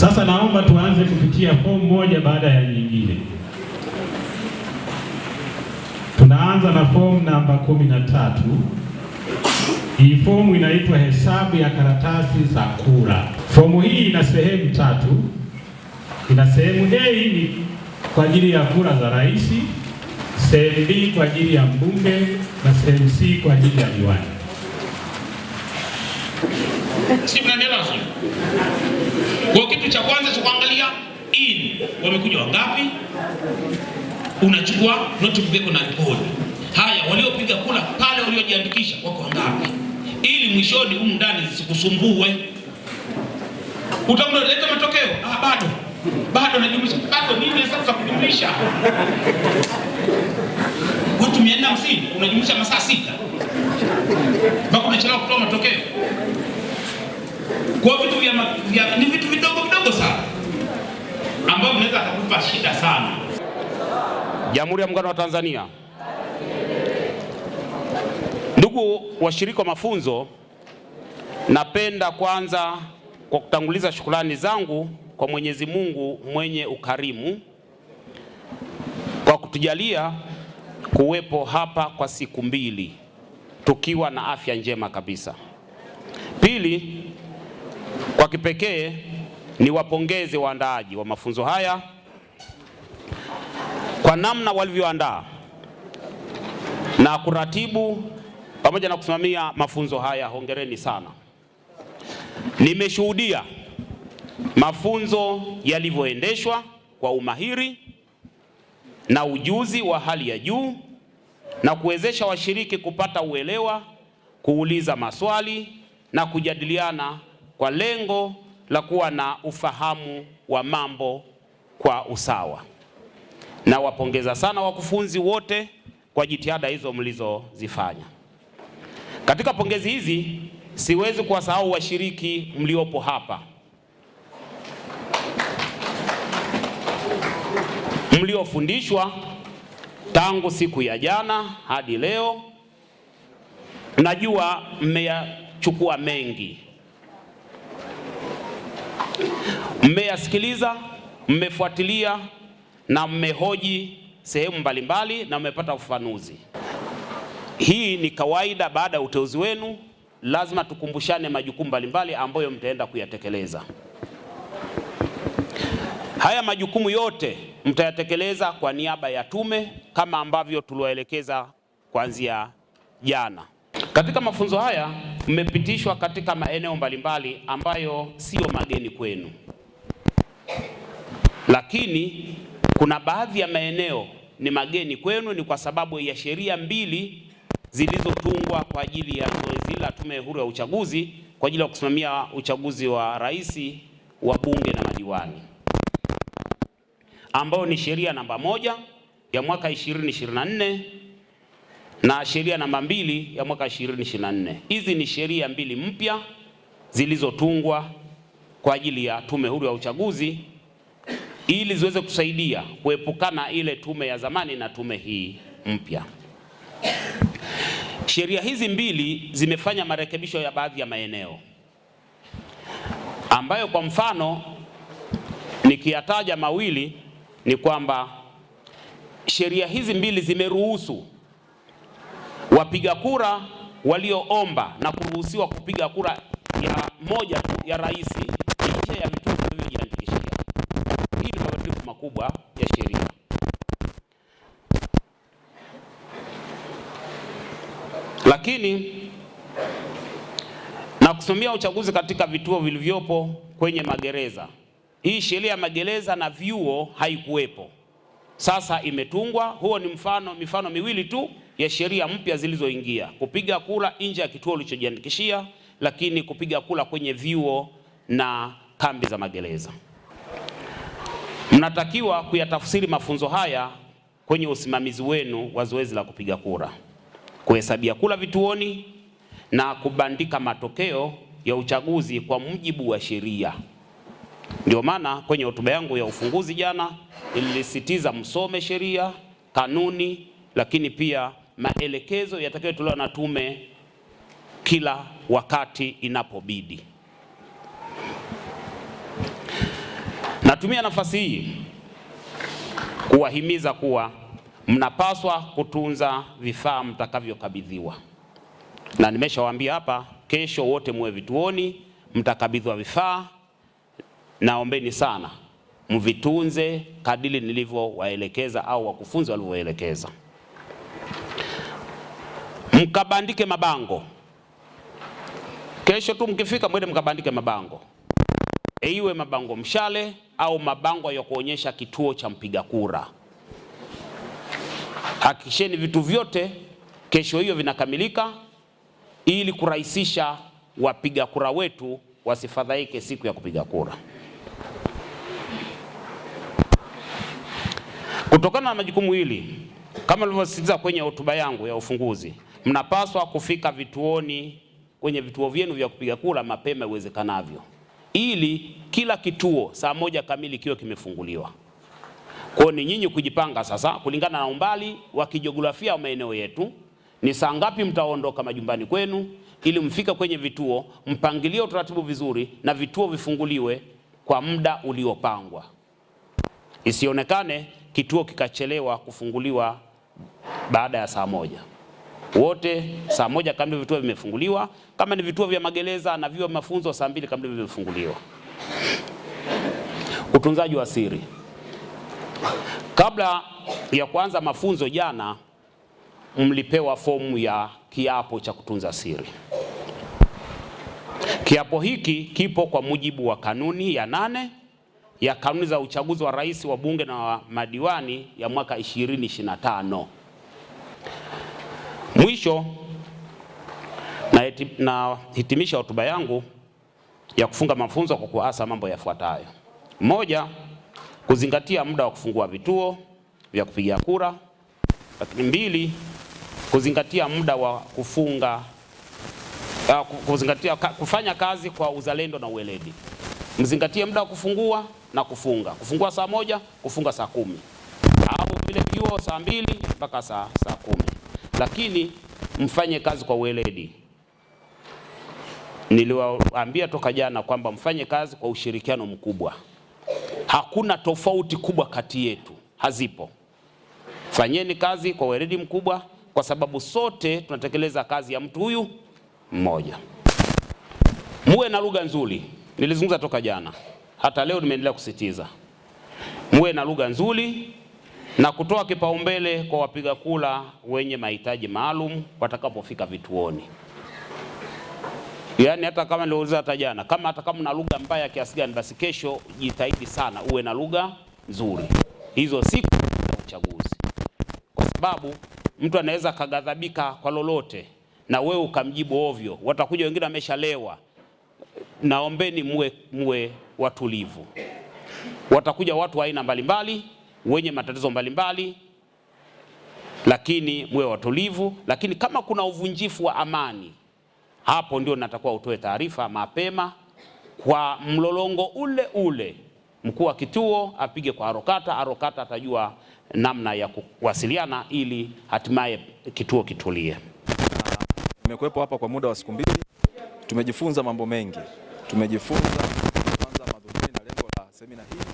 Sasa naomba tuanze kupitia fomu moja baada ya nyingine. Tunaanza na fomu namba kumi na tatu. Hii fomu inaitwa hesabu ya karatasi za kura. Fomu hii ina sehemu tatu. Ina sehemu A ni kwa ajili ya kura za rais, sehemu B kwa ajili ya mbunge na sehemu C kwa ajili ya diwani. Sijui mnanielewa vizuri. Kwa kitu cha kwanza cha kuangalia in, wamekuja wangapi? Unachukua notebook na record. Haya, waliopiga kula pale, waliojiandikisha wako wangapi, ili mwishoni humu ndani zisikusumbue. Utakuwa unaleta matokeo ah, bado bado najumlisha bado nini sasa kujumlisha watu 450 unajumlisha masaa sita mpaka unachelewa kutoa matokeo. Kwa vitu vya, vya ni vitu vidogo vidogo sana ambavyo vinaweza kukupa shida sana. Jamhuri ya Muungano wa Tanzania. Ndugu washiriki wa mafunzo, napenda kwanza kwa kutanguliza shukrani zangu kwa Mwenyezi Mungu mwenye ukarimu kwa kutujalia kuwepo hapa kwa siku mbili tukiwa na afya njema kabisa. Pili, kipekee ni wapongeze waandaaji wa mafunzo haya kwa namna walivyoandaa na kuratibu pamoja na kusimamia mafunzo haya. Hongereni sana. Nimeshuhudia mafunzo yalivyoendeshwa kwa umahiri na ujuzi wa hali ya juu na kuwezesha washiriki kupata uelewa, kuuliza maswali na kujadiliana kwa lengo la kuwa na ufahamu wa mambo kwa usawa. Nawapongeza sana wakufunzi wote kwa jitihada hizo mlizozifanya. Katika pongezi hizi siwezi kuwasahau washiriki mliopo hapa, mliofundishwa tangu siku ya jana hadi leo. Najua mmeyachukua mengi Mmeyasikiliza, mmefuatilia na mmehoji sehemu mbalimbali na mmepata ufafanuzi. Hii ni kawaida. Baada ya uteuzi wenu, lazima tukumbushane majukumu mbalimbali ambayo mtaenda kuyatekeleza. Haya majukumu yote mtayatekeleza kwa niaba ya tume kama ambavyo tuliwaelekeza kuanzia jana katika mafunzo haya mmepitishwa katika maeneo mbalimbali ambayo sio mageni kwenu, lakini kuna baadhi ya maeneo ni mageni kwenu, ni kwa sababu ya sheria mbili zilizotungwa kwa ajili ya zoezi la Tume Huru ya Uchaguzi kwa ajili ya kusimamia uchaguzi wa rais, wa bunge na madiwani, ambayo ni sheria namba moja ya mwaka 2024 na sheria namba mbili ya mwaka 2024. Hizi ni sheria mbili mpya zilizotungwa kwa ajili ya Tume Huru ya Uchaguzi ili ziweze kusaidia kuepukana ile tume ya zamani na tume hii mpya. Sheria hizi mbili zimefanya marekebisho ya baadhi ya maeneo ambayo kwa mfano nikiyataja mawili ni kwamba sheria hizi mbili zimeruhusu wapiga kura walioomba na kuruhusiwa kupiga kura ya moja tu ya rais nje ya vituo vilivyojiandikishia Hii ni mabadiliko makubwa ya sheria. Lakini na kusimamia uchaguzi katika vituo vilivyopo kwenye magereza. Hii sheria ya magereza na vyuo haikuwepo, sasa imetungwa. Huo ni mfano, mifano miwili tu ya sheria mpya zilizoingia, kupiga kura nje ya kituo ulichojiandikishia, lakini kupiga kura kwenye vyuo na kambi za magereza. Mnatakiwa kuyatafsiri mafunzo haya kwenye usimamizi wenu wa zoezi la kupiga kura, kuhesabia kura vituoni na kubandika matokeo ya uchaguzi kwa mujibu wa sheria. Ndio maana kwenye hotuba yangu ya ufunguzi jana nilisisitiza msome sheria, kanuni, lakini pia maelekezo yatakayotolewa na tume kila wakati inapobidi. Natumia nafasi hii kuwahimiza kuwa mnapaswa kutunza vifaa mtakavyokabidhiwa, na nimeshawaambia hapa, kesho wote muwe vituoni, mtakabidhiwa vifaa. Naombeni sana mvitunze kadili nilivyowaelekeza au wakufunzi walivyoelekeza. Mm-hmm. mkabandike mabango kesho tu mkifika, mwende mkabandike mabango e, iwe mabango mshale au mabango ya kuonyesha kituo cha mpiga kura. Hakikisheni vitu vyote kesho hiyo vinakamilika, ili kurahisisha wapiga kura wetu wasifadhaike siku ya kupiga kura. Kutokana na majukumu hili, kama nilivyosisitiza kwenye hotuba yangu ya ufunguzi mnapaswa kufika vituoni, kwenye vituo vyenu vya kupiga kura mapema iwezekanavyo, ili kila kituo saa moja kamili kiwe kimefunguliwa. Kwa ni nyinyi kujipanga sasa kulingana na umbali wa kijiografia wa maeneo yetu, ni saa ngapi mtaondoka majumbani kwenu ili mfike kwenye vituo, mpangilie utaratibu vizuri na vituo vifunguliwe kwa muda uliopangwa, isionekane kituo kikachelewa kufunguliwa baada ya saa moja wote saa moja kamili vituo vimefunguliwa, kama ni vituo vya magereza na vya mafunzo saa mbili kamili vimefunguliwa. Utunzaji wa siri kabla ya kuanza mafunzo, jana mlipewa fomu ya kiapo cha kutunza siri. Kiapo hiki kipo kwa mujibu wa kanuni ya nane ya kanuni za uchaguzi wa rais wa bunge na wa madiwani ya mwaka 2025. Mwisho nahitimisha na hotuba yangu ya kufunga mafunzo kwa kuasa mambo yafuatayo: moja, kuzingatia muda wa kufungua vituo vya kupigia kura. Lakini mbili, kuzingatia muda wa kufunga kuzingatia kufanya kazi kwa uzalendo na uweledi. Mzingatie muda wa kufungua na kufunga, kufungua saa moja, kufunga saa kumi, au vile vyuo saa mbili mpaka saa saa kumi, lakini mfanye kazi kwa weledi. Niliwaambia toka jana kwamba mfanye kazi kwa ushirikiano mkubwa. Hakuna tofauti kubwa kati yetu, hazipo. Fanyeni kazi kwa weledi mkubwa, kwa sababu sote tunatekeleza kazi ya mtu huyu mmoja. Muwe na lugha nzuri, nilizungumza toka jana, hata leo nimeendelea kusitiza, muwe na lugha nzuri na kutoa kipaumbele kwa wapiga kula wenye mahitaji maalum watakapofika vituoni. Yaani hata kama niliuliza hata jana, kama hata kama una lugha mbaya kiasi gani, basi kesho jitahidi sana uwe na lugha nzuri hizo siku za uchaguzi, kwa sababu mtu anaweza akaghadhabika kwa lolote na wewe ukamjibu ovyo, watakuja wengine wameshalewa. Naombeni muwe muwe watulivu, watakuja watu wa aina mbalimbali wenye matatizo mbalimbali, lakini mwe watulivu. Lakini kama kuna uvunjifu wa amani, hapo ndio natakuwa utoe taarifa mapema kwa mlolongo ule ule. Mkuu wa kituo apige kwa arokata, arokata atajua namna ya kuwasiliana ili hatimaye kituo kitulie. Nimekuwepo hapa kwa muda wa siku mbili, tumejifunza mambo mengi, tumejifunza kwanza madhumuni na lengo la semina hii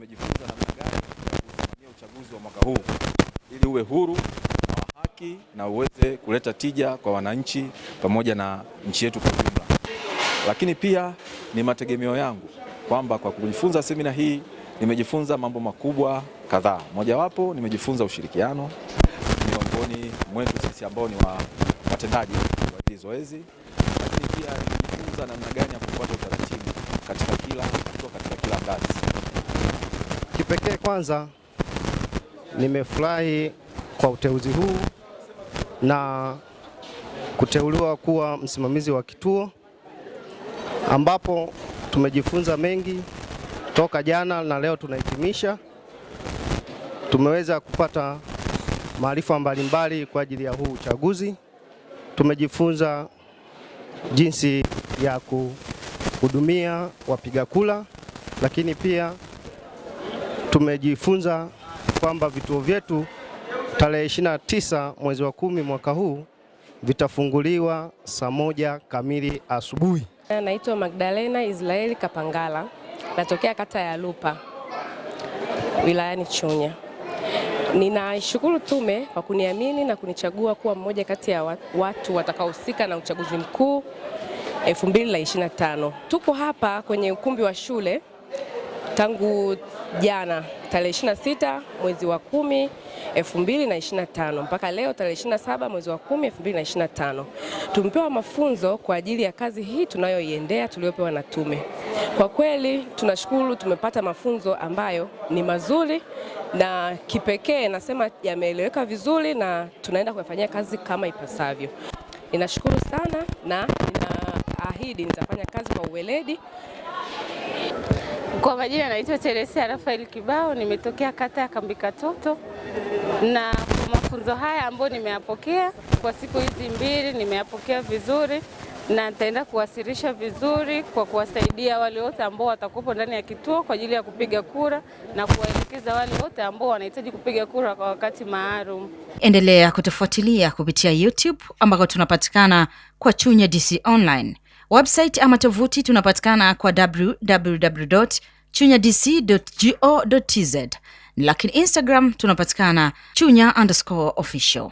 tumejifunza namna gani ya kusimamia uchaguzi wa mwaka huu ili uwe huru wa haki na uweze kuleta tija kwa wananchi pamoja na nchi yetu kwa ujumla. Lakini pia ni mategemeo yangu kwamba kwa kujifunza semina hii nimejifunza mambo makubwa kadhaa. Mojawapo nimejifunza ushirikiano miongoni mwetu sisi ambao ni wa watendaji wa hili zoezi, lakini pia nimejifunza namna gani ya kufuata utaratibu katika kila hatua, katika kila ngazi kipekee, kwanza nimefurahi kwa uteuzi huu na kuteuliwa kuwa msimamizi wa kituo ambapo tumejifunza mengi toka jana na leo tunahitimisha. Tumeweza kupata maarifa mbalimbali kwa ajili ya huu uchaguzi. Tumejifunza jinsi ya kuhudumia wapiga kura, lakini pia tumejifunza kwamba vituo vyetu tarehe 29 mwezi wa kumi mwaka huu vitafunguliwa saa moja kamili asubuhi. Naitwa Magdalena Israeli Kapangala, natokea kata ya Lupa wilayani Chunya. Ninaishukuru tume kwa kuniamini na kunichagua kuwa mmoja kati ya watu watakaohusika na uchaguzi mkuu 2025. Tuko hapa kwenye ukumbi wa shule tangu jana tarehe 26 mwezi wa kumi 2025 mpaka leo tarehe 27 mwezi wa kumi 2025. Tumepewa mafunzo kwa ajili ya kazi hii tunayoiendea tuliyopewa na tume. Kwa kweli tunashukuru, tumepata mafunzo ambayo ni mazuri na kipekee, nasema yameeleweka vizuri na tunaenda kuyafanyia kazi kama ipasavyo. Ninashukuru sana na ninaahidi nitafanya kazi kwa uweledi. Kwa majina naitwa Teresia Rafael Kibao, nimetokea kata ya Kambikatoto, na kwa mafunzo haya ambayo nimeyapokea kwa siku hizi mbili, nimeyapokea vizuri na nitaenda kuwasilisha vizuri kwa kuwasaidia wale wote ambao watakuwepo ndani ya kituo kwa ajili ya kupiga kura na kuwaelekeza wale wote ambao wanahitaji kupiga kura kwa wakati maalum. Endelea kutufuatilia kupitia YouTube ambako tunapatikana kwa Chunya DC Online. Website ama tovuti tunapatikana kwa www chunya dc go tz, lakini Instagram tunapatikana chunya underscore official.